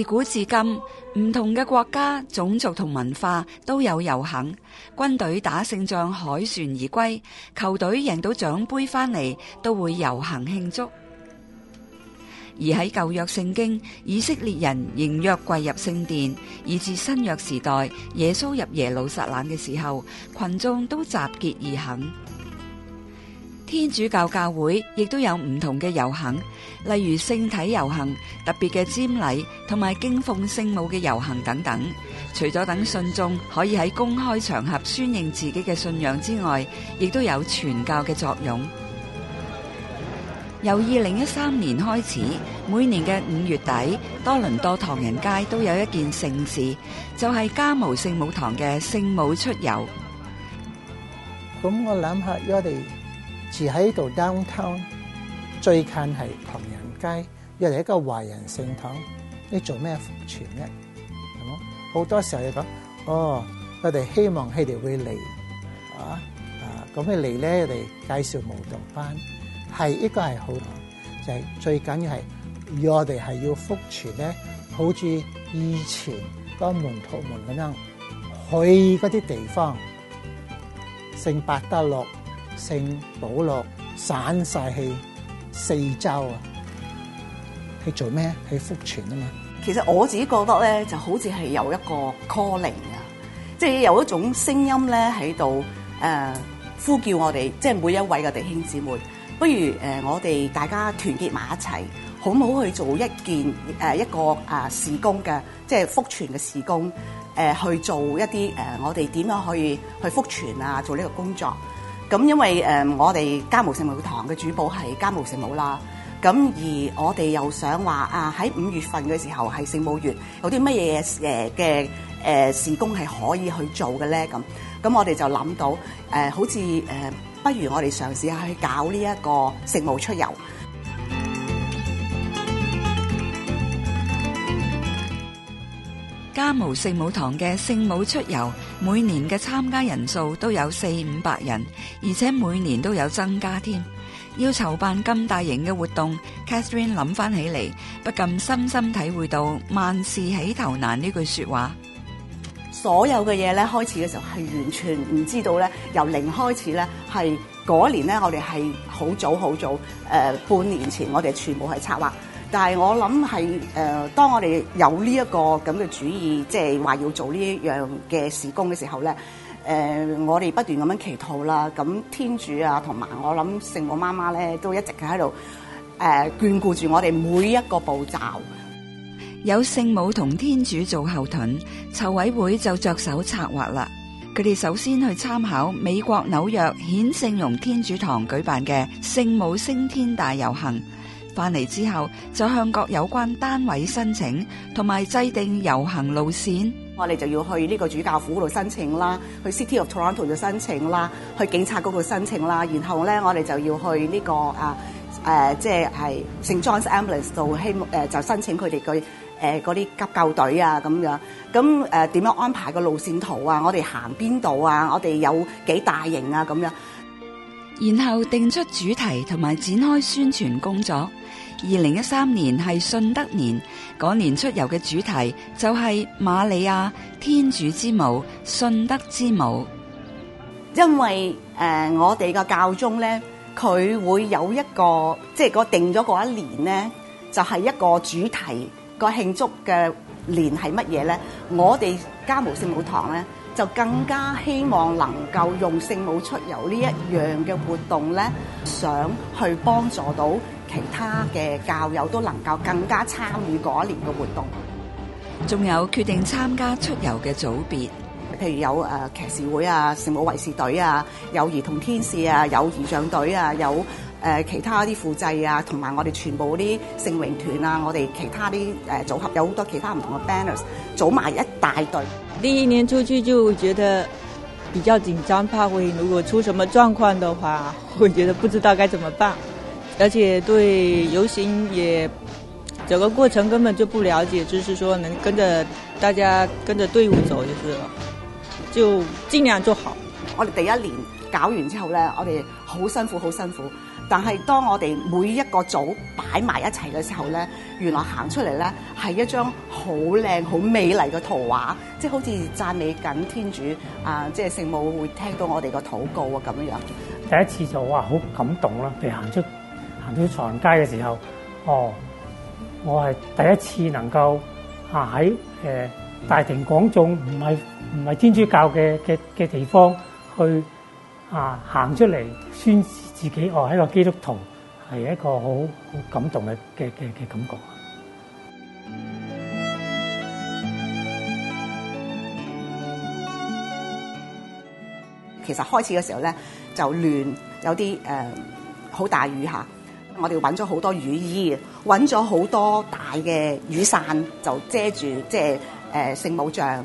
自古至今，唔同嘅國家、種族同文化都有遊行。軍隊打勝仗，凱旋而歸；球隊贏到獎杯翻嚟，都會遊行慶祝。而喺舊約聖經，以色列人迎約跪入聖殿；以至新約時代，耶穌入耶路撒冷嘅時候，群眾都集結而行。天主教教會亦都有唔同嘅遊行，例如聖體遊行、特別嘅瞻禮同埋敬奉聖母嘅遊行等等。除咗等信眾可以喺公開場合宣認自己嘅信仰之外，亦都有傳教嘅作用。由二零一三年開始，每年嘅五月底，多倫多唐人街都有一件盛事，就係加模聖母堂嘅聖母出遊。咁我諗下，我哋。住喺呢度 downtown，最近係唐人街，又嚟一個華人聖堂，你做咩復傳咧？係冇好多時候你講，哦，佢哋希望佢哋會嚟，啊，咁你嚟咧，我哋介紹舞蹈班，係一個係好堂，就係最緊要係，我哋係要復傳咧，好似以前當門徒們咁樣去嗰啲地方，聖伯德路。聖保祿散晒氣，四周啊，去做咩？去福傳啊嘛！其實我自己覺得咧，就好似係有一個 calling 啊，即係有一種聲音咧喺度誒呼叫我哋，即、就、係、是、每一位嘅弟兄姊妹，不如誒、呃、我哋大家團結埋一齊，好唔好去做一件誒、呃、一個啊事工嘅，即係福傳嘅事工，誒、呃、去做一啲誒、呃、我哋點樣可以去福傳啊？做呢個工作。咁因為誒，我哋嘉模聖母堂嘅主保係嘉模聖母啦。咁而我哋又想話啊，喺五月份嘅時候係聖母月，有啲乜嘢誒嘅誒事工係可以去做嘅咧？咁咁我哋就諗到誒，好似誒，不如我哋嘗試下去搞呢一個聖母出遊。嘉模聖母堂嘅聖母出遊，每年嘅參加人數都有四五百人，而且每年都有增加添。要籌辦咁大型嘅活動，Catherine 諗翻起嚟，不禁深深體會到萬事起頭難呢句說話。所有嘅嘢咧，開始嘅時候係完全唔知道咧，由零開始咧，係嗰年咧，我哋係好早好早，誒、呃，半年前我哋全部係策劃。但係我諗係誒，當我哋有呢一個咁嘅主意，即係話要做呢一樣嘅事工嘅時候咧，誒、呃，我哋不斷咁樣祈禱啦，咁、嗯、天主啊，同埋我諗聖母媽媽咧都一直喺度誒眷顧住我哋每一個步驟。有聖母同天主做後盾，籌委會就着手策劃啦。佢哋首先去參考美國紐約顯聖容天主堂舉辦嘅聖母升天大遊行。翻嚟之後，就向各有關單位申請，同埋制定遊行路線。我哋就要去呢個主教府嗰度申請啦，去 City of Toronto 度申請啦，去警察局度申請啦。然後咧，我哋就要去呢、這個啊誒、啊，即係聖 John's Ambulance 度，希望誒就申請佢哋嘅誒嗰啲急救隊啊咁樣。咁誒，點、啊、樣安排個路線圖啊？我哋行邊度啊？我哋有幾大型啊？咁樣。然後定出主題，同埋展開宣傳工作。二零一三年係信德年，嗰年出遊嘅主題就係、是、瑪利亞天主之母，信德之母。因為誒，我哋嘅教宗咧，佢會有一個即係個定咗嗰一年咧，就係、是、一個主題個慶祝嘅。年係乜嘢咧？我哋加無聖母堂咧，就更加希望能夠用聖母出遊呢一樣嘅活動咧，想去幫助到其他嘅教友都能夠更加參與嗰一年嘅活動。仲有決定參加出遊嘅組別，譬如有騎士會啊、聖母衛士隊啊、友兒童天使啊、友兒童隊啊，有。誒、呃、其他啲副制啊，同埋我哋全部啲成名團啊，我哋其他啲誒、呃、組合有好多其他唔同嘅 banners 組埋一大隊。第一年出去就覺得比較緊張，怕會如果出什麼狀況的話，我覺得不知道該怎麼辦。而且對遊行也整個過程根本就不了解，就是說能跟着大家跟着隊伍走就是了，就盡量做好。我哋第一年搞完之後咧，我哋。好辛苦，好辛苦！但係當我哋每一個組擺埋一齊嘅時候咧，原來行出嚟咧係一張好靚、好美麗嘅圖畫，即係好似讚美緊天主啊！即係聖母會聽到我哋嘅禱告啊咁樣樣。第一次就哇，好感動啦！譬如行出行到長街嘅時候，哦，我係第一次能夠啊喺誒大庭廣眾，唔係唔係天主教嘅嘅嘅地方去。啊！行出嚟宣示自己哦，喺個基督徒係一個好好感動嘅嘅嘅嘅感覺。其實開始嘅時候咧就亂有些，有啲誒好大雨下，我哋揾咗好多雨衣，揾咗好多大嘅雨傘，就遮住即係誒聖母像。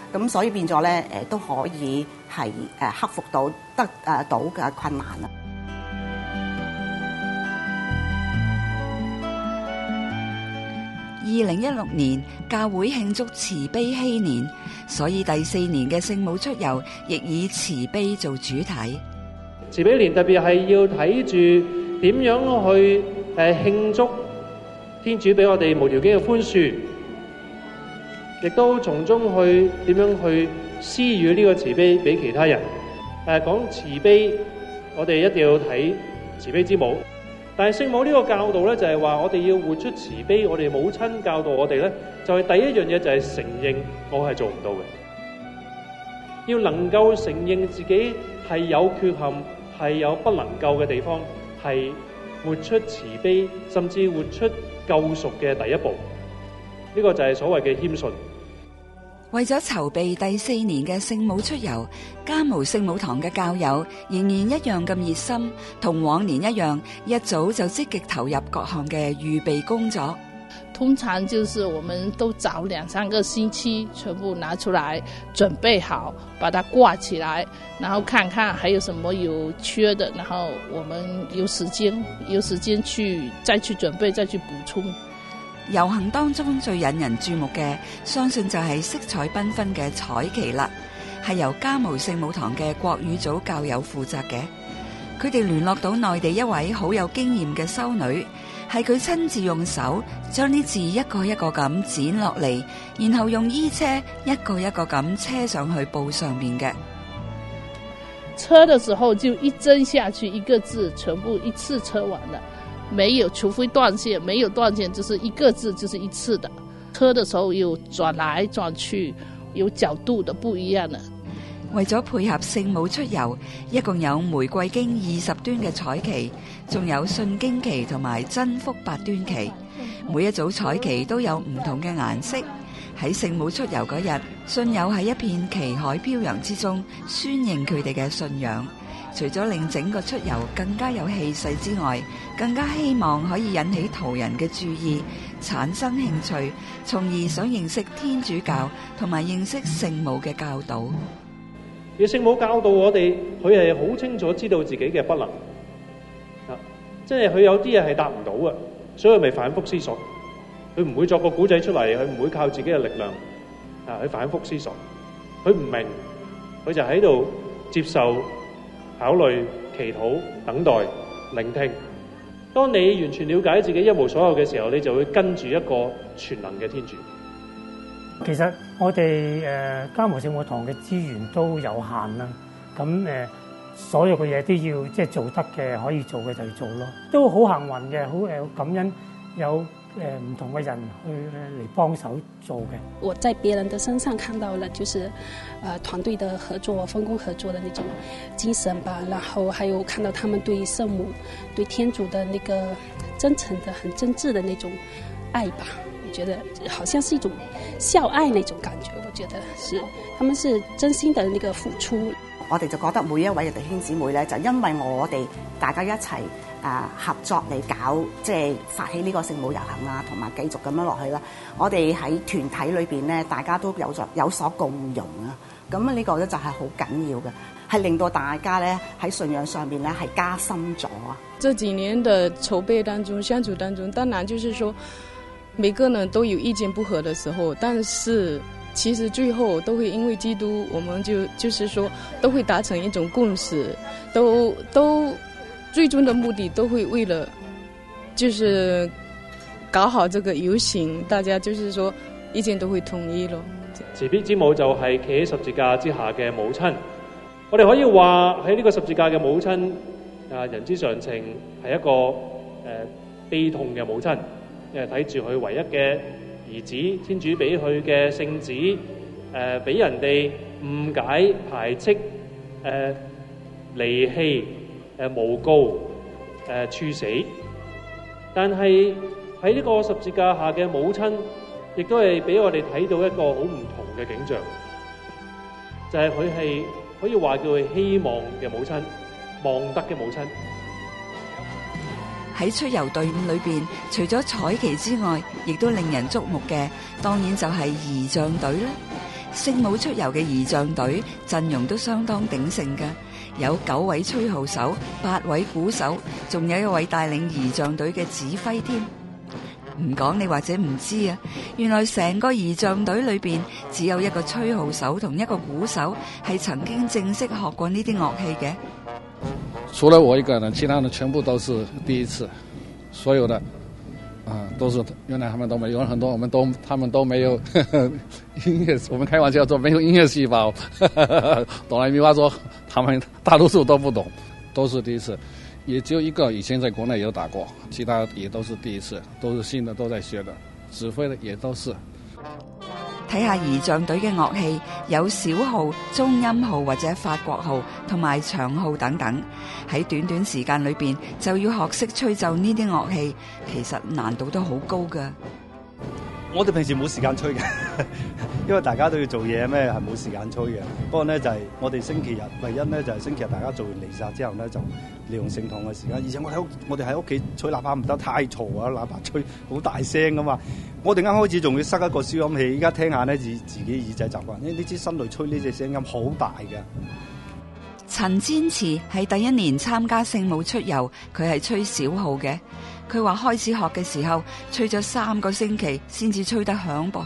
咁所以變咗咧，誒都可以係誒克服到得誒到嘅困難啦。二零一六年教會慶祝慈悲禧年，所以第四年嘅聖母出遊亦以慈悲做主題。慈悲年特別係要睇住點樣去誒慶祝天主俾我哋無條件嘅寬恕。亦都從中去點樣去施予呢個慈悲俾其他人。誒，講慈悲，我哋一定要睇慈悲之母。但係聖母呢個教導咧，就係話我哋要活出慈悲。我哋母親教導我哋咧，就係第一樣嘢就係承認我係做唔到嘅。要能夠承認自己係有缺陷，係有不能夠嘅地方，係活出慈悲，甚至活出救贖嘅第一步。呢個就係所謂嘅謙遜。為咗籌備第四年嘅聖母出遊，嘉模聖母堂嘅教友仍然一樣咁熱心，同往年一樣，一早就積極投入各項嘅預備工作。通常就是我們都找兩三個星期，全部拿出來準備好，把它掛起來，然後看看還有什麼有缺的，然後我們有時間，有時間去再去準備，再去補充。遊行當中最引人注目嘅，相信就係色彩繽紛嘅彩旗啦。係由嘉模聖母堂嘅國語組教友負責嘅。佢哋聯絡到內地一位好有經驗嘅修女，係佢親自用手將啲字一個一個咁剪落嚟，然後用衣車一個一個咁車上去布上面嘅。車嘅時候就一針下去，一個字全部一次車完啦。沒有，除非斷線，沒有斷線，就是一個字，就是一次的。車的時候又轉來轉去，有角度都不一樣了。為咗配合聖母出遊，一共有玫瑰經二十端嘅彩旗，仲有信經旗同埋真福八端旗，每一組彩旗都有唔同嘅顏色。喺聖母出遊嗰日，信友喺一片旗海飄揚之中，宣認佢哋嘅信仰。除咗令整個出遊更加有氣勢之外，更加希望可以引起途人嘅注意，產生興趣，從而想認識天主教同埋認識聖母嘅教導。而聖母教導我哋，佢係好清楚知道自己嘅不能啊，即係佢有啲嘢係答唔到啊，所以咪反覆思索。佢唔會作個古仔出嚟，佢唔會靠自己嘅力量啊，佢反覆思索，佢唔明，佢就喺度接受。考慮、祈禱、等待、聆聽。當你完全了解自己一無所有嘅時候，你就會跟住一個全能嘅天主。其實我哋誒嘉模聖母堂嘅資源都有限啦，咁、呃、所有嘅嘢都要即係做得嘅可以做嘅就做咯，都好幸運嘅，好、呃、感恩有。誒、呃、唔同嘅人去嚟幫手做嘅。我在別人的身上看到了，就是，啊團隊的合作、分工合作嘅那種精神吧。然後還有看到他們對聖母、對天主的那個真誠的、很真摯的那種愛吧。我覺得好像是一種孝愛那種感覺。我覺得是，他們是真心的那個付出。我哋就覺得每一位嘅弟兄姊妹咧，就因為我哋大家一齊。誒、啊、合作嚟搞，即係發起呢個聖母遊行啊，同埋繼續咁樣落去啦。我哋喺團體裏邊咧，大家都有著有所共融啊。咁啊，呢個咧就係好緊要嘅，係令到大家咧喺信仰上面咧係加深咗啊。這幾年的籌備當中，相處當中，當然就是說每個人都有意見不合嘅時候，但是其實最後都會因為基督，我們就就是說都會達成一種共識，都都。最終的目的都會為了，就是搞好這個遊行，大家就是說意見都會統一咯。慈悲之母就係企喺十字架之下嘅母親，我哋可以話喺呢個十字架嘅母親啊，人之常情係一個誒、呃、悲痛嘅母親，因為睇住佢唯一嘅兒子，天主俾佢嘅聖子誒俾、呃、人哋誤解排斥誒、呃、離棄。誒，誣告誒，處死。但係喺呢個十字架下嘅母親，亦都係俾我哋睇到一個好唔同嘅景象，就係佢係可以話叫佢希望嘅母親，望德嘅母親。喺出遊隊伍裏邊，除咗彩旗之外，亦都令人矚目嘅，當然就係儀仗隊啦。聖母出遊嘅儀仗隊陣容都相當鼎盛㗎。有九位吹號手，八位鼓手，仲有一位帶領儀仗隊嘅指揮添。唔講你或者唔知啊，原來成個儀仗隊裏邊只有一個吹號手同一個鼓手係曾經正式學過呢啲樂器嘅。除了我一個人，其他人全部都是第一次，所有的啊，都是原來他們都沒有，很多我們都他們都沒有音樂，我們，們 我們開玩笑做沒有音樂細胞。哆 啦，咪話做。他們大多數都不懂，都是第一次，也只有一個以前在國內有打過，其他也都是第一次，都是新的都在學的，指揮的也都是。睇下儀仗隊嘅樂器，有小號、中音號或者法國號，同埋長號等等。喺短短時間裏邊就要學識吹奏呢啲樂器，其實難度都好高噶。我哋平時冇時間吹嘅。 因為大家都要做嘢咩，係冇時間吹嘅。不過咧就係、是、我哋星期日唯一咧就係星期日大家做完彌撒之後咧就利用聖堂嘅時間。而且我喺我哋喺屋企吹喇叭唔得太嘈啊，喇叭吹好大聲噶嘛。我哋啱開始仲要塞一個消音器，依家聽下咧自自己耳仔習慣。呢呢支新雷吹呢隻聲音好大嘅。陳堅持係第一年參加聖母出遊，佢係吹小號嘅。佢話開始學嘅時候吹咗三個星期先至吹得響噃。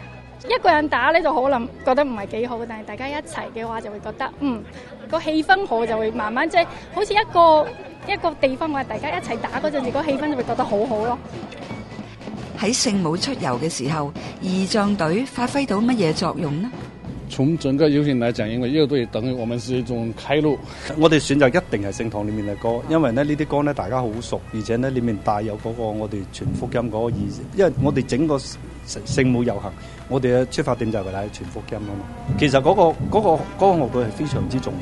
一個人打咧就可能覺得唔係幾好，但係大家一齊嘅話就會覺得，嗯，個氣氛好就會慢慢即係、就是、好似一個一個地方話大家一齊打嗰陣時，個氣氛就會覺得很好好咯。喺聖母出遊嘅時候，儀仗隊發揮到乜嘢作用呢？從整個表現嚟講，因為呢個隊等於我們係一種開路，我哋選擇一定係聖堂裡面嘅歌，因為咧呢啲歌咧大家好熟，而且呢裡面帶有嗰個我哋傳福音嗰個意，因為我哋整個。聖母遊行，我哋嘅出發點就係為咗全福音啊嘛。其實嗰、那個嗰、那個嗰、那個樂隊係非常之重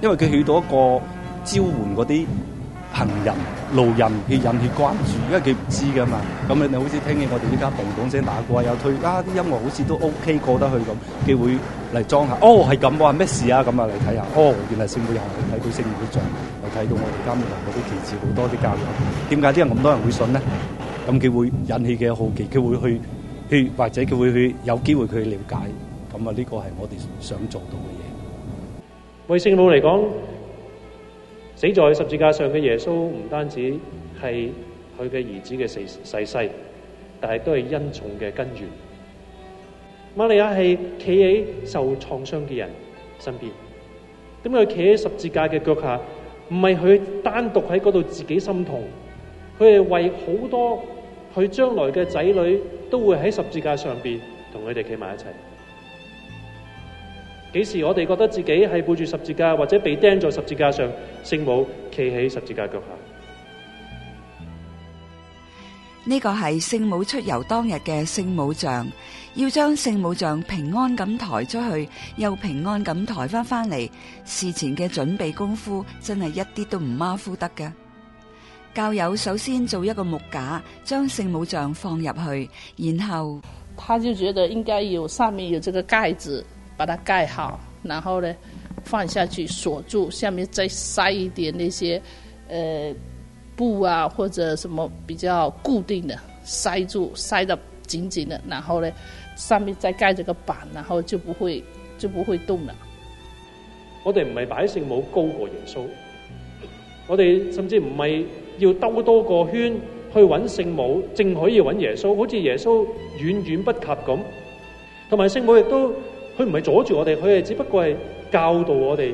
要，因為佢起到一個召喚嗰啲行人路人去引起關注，因為佢唔知噶嘛。咁你好似聽見我哋依家洪廣聲打過啊，又推啊，音樂好似都 OK 過得去咁，佢會嚟裝下。哦，係咁啊，咩事啊？咁啊嚟睇下。哦，原來聖母遊行，睇到聖母像，又睇到我哋金門嗰啲旗幟好多啲教育。點解啲人咁多人會信呢？咁佢會引起嘅好奇，佢會去。佢或者佢會去有機會佢去了解，咁啊呢個係我哋想做到嘅嘢。為聖母嚟講，死在十字架上嘅耶穌唔單止係佢嘅兒子嘅逝世世，但係都係恩寵嘅根源。瑪利亞係企喺受創傷嘅人身邊，點解佢企喺十字架嘅腳下？唔係佢單獨喺嗰度自己心痛，佢係為好多佢將來嘅仔女。都會喺十字架上邊同佢哋企埋一齊。幾時我哋覺得自己係背住十字架或者被釘在十字架上，聖母企喺十字架腳下？呢個係聖母出遊當日嘅聖母像，要將聖母像平安咁抬出去，又平安咁抬翻翻嚟，事前嘅準備功夫真係一啲都唔馬虎得噶。教友首先做一個木架，將聖母像放入去，然後他就覺得應該有上面有這個蓋子，把它蓋好，然後呢，放下去鎖住，下面再塞一點那些，誒、呃、布啊或者什麼比較固定的塞住，塞得緊緊的，然後呢，上面再蓋這個板，然後就不會就不會動了。我哋唔係擺聖母高過耶穌，我哋甚至唔係。要兜多個圈去揾聖母，正可以揾耶穌，好似耶穌遠遠不及咁。同埋聖母亦都，佢唔係阻住我哋，佢係只不過係教導我哋，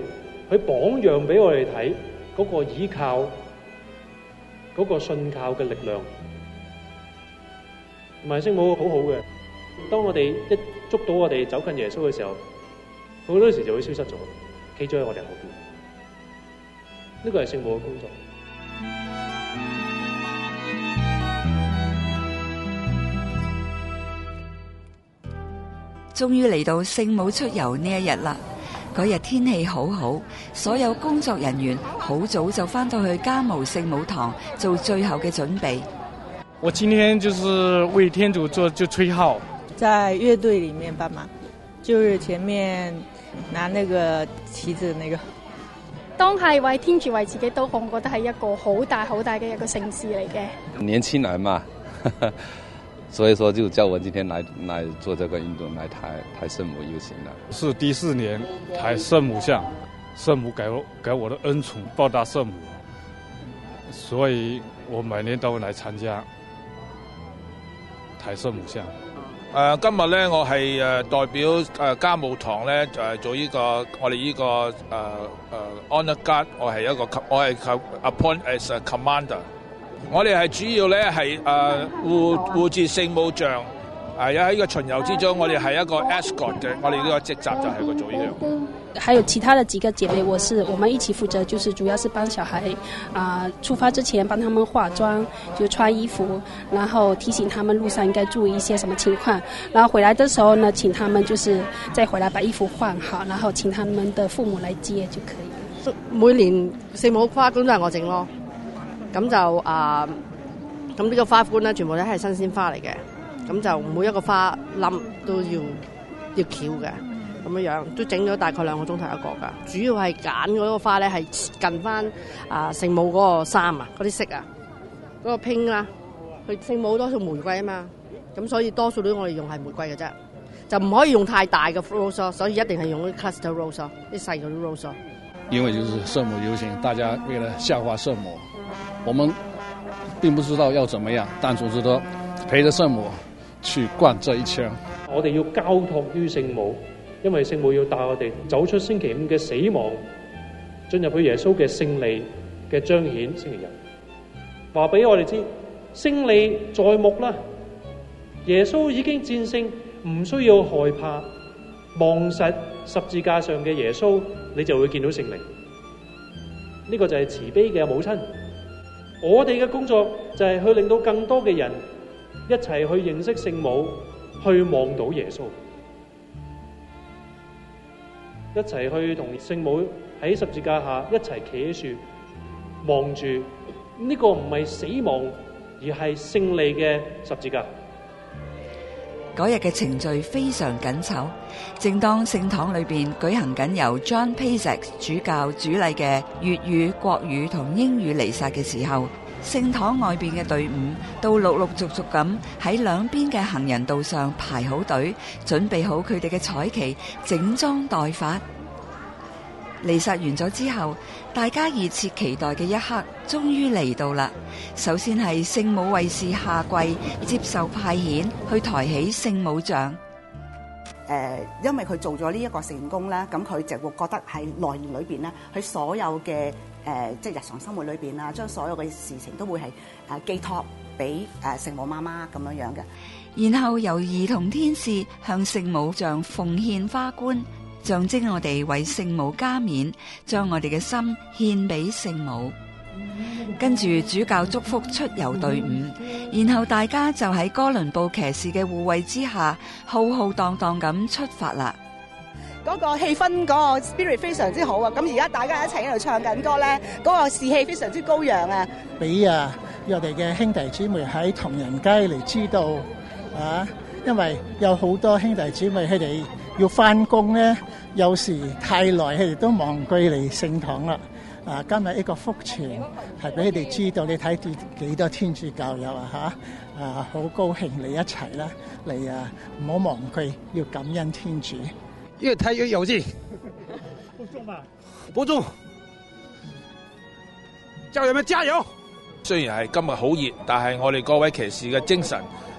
佢榜樣俾我哋睇嗰個倚靠，嗰個信靠嘅力量。同埋聖母好好嘅，當我哋一捉到我哋走近耶穌嘅時候，好多時就會消失咗，企咗喺我哋後邊。呢個係聖母嘅工作。終於嚟到聖母出遊呢一日啦！嗰日天，天氣好好，所有工作人員好早就翻到去嘉模聖母堂做最後嘅準備。我今天就是為天主做，就吹號。在樂隊裏面幫忙，就是、前面拿那個旗子那個。當係為天主為自己都好，我覺得係一個好大好大嘅一個盛事嚟嘅。年輕人嘛。 所以說就叫我今天來來做這個運動，來抬抬聖母遊行的。是第四年抬聖母像，聖母給我給我的恩寵，報答聖母，所以我每年都會來參加抬聖母像。誒、呃，今日咧我係誒、呃、代表誒家、呃、務堂咧誒、呃、做呢個我哋呢個誒誒 Honor Guard，我係、這個呃呃、一個我係 appoint as a commander。我哋係主要咧係誒護護住聖母像，誒、呃、喺一個巡遊之中，我哋係一個 escort 嘅，我哋呢個職責就係一個做呢樣工。還有其他的幾個姐妹，我是我們一起負責就是主要是幫小孩啊、呃，出發之前幫他們化妝就是、穿衣服，然後提醒他們路上應該注意一些什麼情況，然後回來的時候呢，請他們就是再回來把衣服換好，然後請他們的父母來接就可以。每年聖母花樽都係我整咯。咁就啊，咁呢個花冠咧，全部都係新鮮花嚟嘅。咁就每一個花冧都要要翹嘅，咁樣樣都整咗大概兩個鐘頭一個㗎。主要係揀嗰個花咧係近翻啊聖母嗰個衫啊，嗰啲色啊，嗰個拼啦。佢聖母好多數玫瑰啊嘛，咁所以多數都我哋用係玫瑰嘅啫，就唔可以用太大嘅 flower so，所以一定係用啲 cluster rose，啲細嘅 rose。因為就是聖母遊行，大家為了笑話聖母。我們並不知道要怎麼樣，但總之都陪着聖母去逛這一圈。我哋要交託於聖母，因為聖母要帶我哋走出星期五嘅死亡，進入去耶穌嘅勝利嘅彰顯。星期日話俾我哋知，勝利在目啦！耶穌已經戰勝，唔需要害怕。望實十字架上嘅耶穌，你就會見到勝利。呢、這個就係慈悲嘅母親。我哋嘅工作就係去令到更多嘅人一齊去認識聖母，去望到耶穌，一齊去同聖母喺十字架下一齊企喺樹，望住呢個唔係死亡，而係勝利嘅十字架。嗰日嘅程序非常緊湊，正當聖堂裏邊舉行緊由 John Pease 主教主禮嘅粵語、國語同英語彌撒嘅時候，聖堂外邊嘅隊伍都陸陸續續咁喺兩邊嘅行人道上排好隊，準備好佢哋嘅彩旗，整裝待發。彌撒完咗之後，大家熱切期待嘅一刻終於嚟到啦！首先係聖母衛士下跪接受派遣去抬起聖母像。誒、呃，因為佢做咗呢一個成功咧，咁佢就會覺得喺內面裏邊咧，佢所有嘅誒、呃，即係日常生活裏邊啊，將所有嘅事情都會係誒寄託俾誒聖母媽媽咁樣樣嘅。然後由兒童天使向聖母像奉獻花冠。象徵我哋為聖母加冕，將我哋嘅心獻俾聖母。跟住主教祝福出遊隊伍，然後大家就喺哥倫布騎士嘅護衛之下，浩浩蕩蕩咁出發啦。嗰、那個氣氛，嗰、那個 spirit 非常之好啊！咁而家大家一齊喺度唱緊歌咧，嗰、那個士氣非常之高揚啊！俾啊我哋嘅兄弟姊妹喺同仁街嚟知道啊，因為有好多兄弟姊妹喺哋。要返工咧，有時太耐，佢哋都忘記嚟聖堂啦。啊，今日呢個福傳係俾你哋知道，嗯嗯、你睇住幾多天主教友啊吓，啊，好高興你一齊啦，嚟啊！唔好忘記要感恩天主。一睇要遊字，保重吧，保重！就員們加油！雖然係今日好熱，但係我哋各位騎士嘅精神。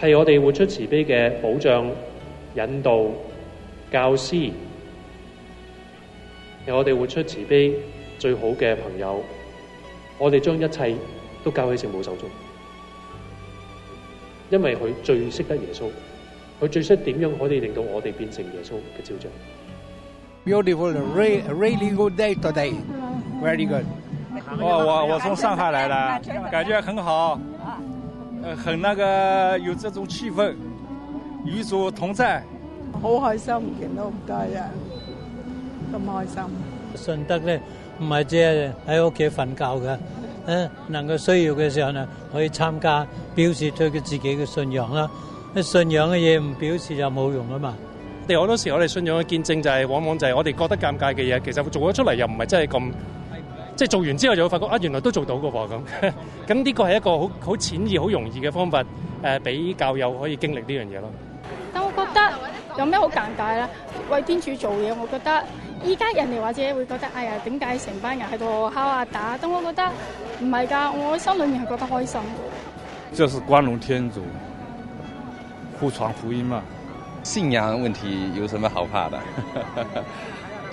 是我們活出慈悲的保障、引導、教師，是我們活出慈悲最好的朋友。我們將一切都交喺聖母手中，因為他最識得耶穌，他最識點樣可以令到我們變成耶穌的照像。Beautiful, Ray, really good day today. Very good. 我,我從上海來了，感覺很好。呃，很那個有這種氣氛，與主同在。好開心見到咁多人，咁開心。順德咧唔係只係喺屋企瞓覺噶，嗯，能夠需要嘅時候呢可以參加，表示對佢自己嘅信仰啦。你信仰嘅嘢唔表示就冇用啊嘛。哋好多時我哋信仰嘅見證就係，往往就係我哋覺得尷尬嘅嘢，其實做咗出嚟又唔係真係咁。即係做完之後就會發覺啊，原來都做到㗎喎咁。咁呢個係一個好好淺易、好容易嘅方法，誒比較有可以經歷呢樣嘢咯。但我覺得有咩好尷尬咧？為天主做嘢，我覺得依家人哋或者會覺得哎呀，點解成班人喺度敲啊打？但我覺得唔係㗎，我心裏面係覺得開心。就是光榮天主，傳福音嘛，信仰問題有什麼好怕的？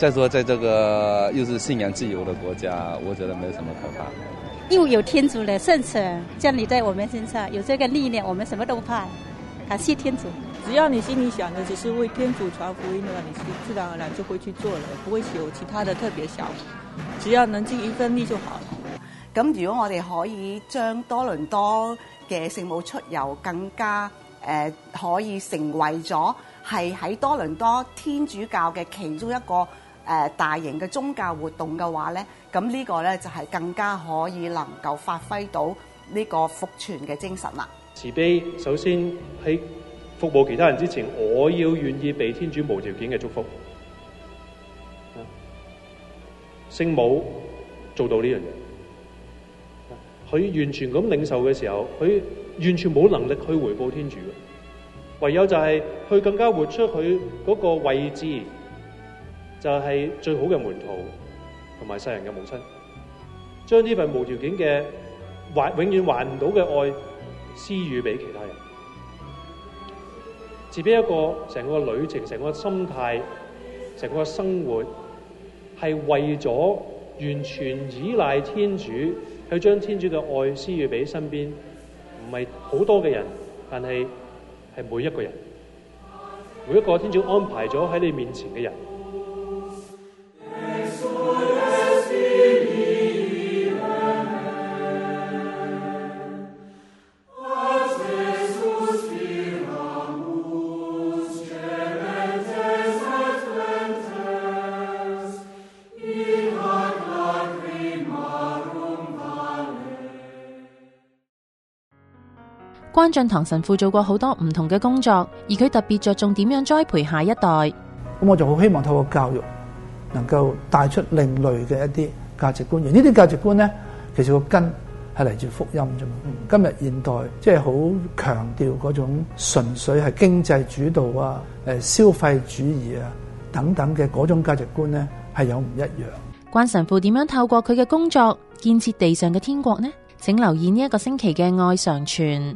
再說，在這個又是信仰自由的國家，我覺得沒有什麼可怕。又有天主的聖神降臨在我們身上，有這個力量，我們什麼都不怕。感謝天主，只要你心裏想的只是為天主傳福音，那你是自然而然就會去做了，不會有其他的特別想法。只要能盡一份力就好了。咁如果我哋可以將多倫多嘅聖母出遊更加誒、呃、可以成為咗係喺多倫多天主教嘅其中一個。誒，大型嘅宗教活動嘅話咧，咁呢個咧就係更加可以能夠發揮到呢個福傳嘅精神啦。慈悲，首先喺服務其他人之前，我要願意畀天主無條件嘅祝福。聖母做到呢樣嘢，佢完全咁領受嘅時候，佢完全冇能力去回報天主嘅，唯有就係去更加活出佢嗰個位置，就係、是、最好嘅門徒，同埋世人嘅母親，將呢份無條件嘅還永遠還唔到嘅愛施予俾其他人，自逼一個成個旅程、成個心態、成個生活，係為咗完全依賴天主去將天主嘅愛施予俾身邊，唔係好多嘅人，但係係每一個人，每一個天主安排咗喺你面前嘅人。俊棠神父做過好多唔同嘅工作，而佢特別着重點樣栽培下一代。咁我就好希望透過教育，能夠帶出另類嘅一啲價值觀。而呢啲價值觀咧，其實個根係嚟自福音啫嘛。嗯，今日現代即係好強調嗰種純粹係經濟主導啊，誒，消費主義啊等等嘅嗰種價值觀咧，係有唔一樣。關神父點樣透過佢嘅工作建設地上嘅天國呢？請留意呢一個星期嘅愛常傳。